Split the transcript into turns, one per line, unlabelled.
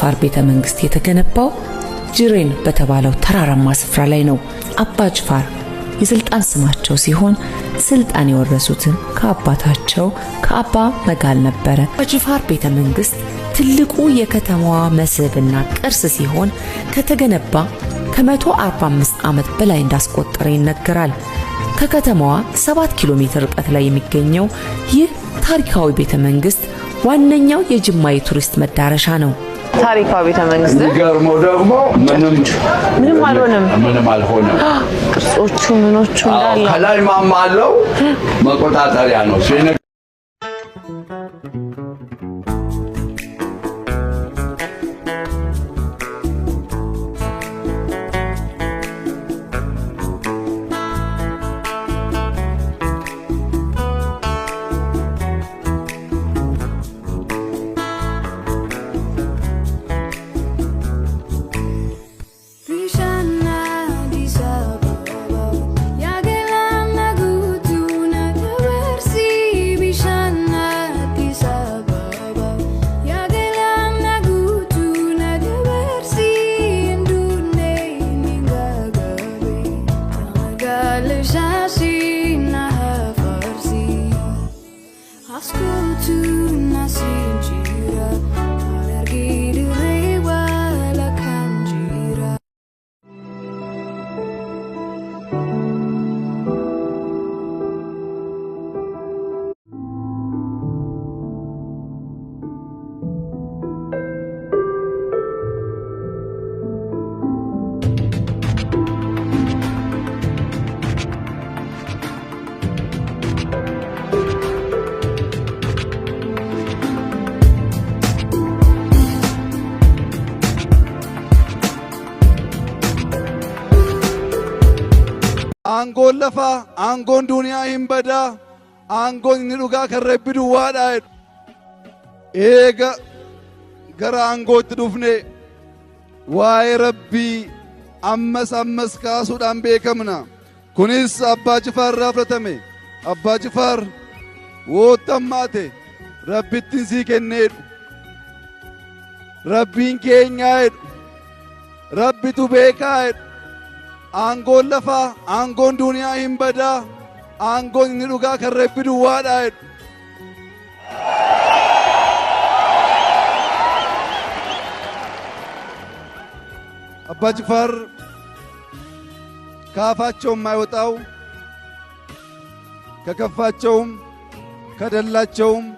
ፋር ቤተ መንግስት የተገነባው ጅሬን በተባለው ተራራማ ስፍራ ላይ ነው። አባ ጅፋር የስልጣን ስማቸው ሲሆን ስልጣን የወረሱትም ከአባታቸው ከአባ መጋል ነበረ። በጅፋር ቤተ መንግስት ትልቁ የከተማዋ መስህብና ቅርስ ሲሆን ከተገነባ ከ145 ዓመት በላይ እንዳስቆጠረ ይነገራል። ከከተማዋ 7 ኪሎ ሜትር ርቀት ላይ የሚገኘው ይህ ታሪካዊ ቤተ መንግስት ዋነኛው የጅማ የቱሪስት መዳረሻ ነው።
ታሪካዊ ቤተ መንግስት።
የሚገርመው ደግሞ
ምንም
ምንም አልሆነም፣
ምንም አልሆነም።
ቅርጾቹ ምኖቹ
እንዳለ ከላይ ማማ አለው መቆጣጠሪያ ነው።
አንጎን ለፋ አንጎን ዱንያ ይንበዳ አንጎን ንዱጋ ከረብዱ ዋዳ ኤገ ገራ አንጎት ዱፍኔ ዋይ ረቢ አመስ አመስ ካሱ ዳምቤ ከምና ኩኒስ አባ ጅፋር ራፍረተሜ አባ ጅፋር ወጣማቴ ረቢትን ሲከኔዱ ረቢን ኬኛ ረቢቱ ቤካ አንጎን ለፋ አንጎን ዱንያ ይንበዳ አንጎን ንዱጋ ከረብዱ ዋዳ አባ ጅፋር ካፋቸውም የማይወጣው ከከፋቸውም ከደላቸውም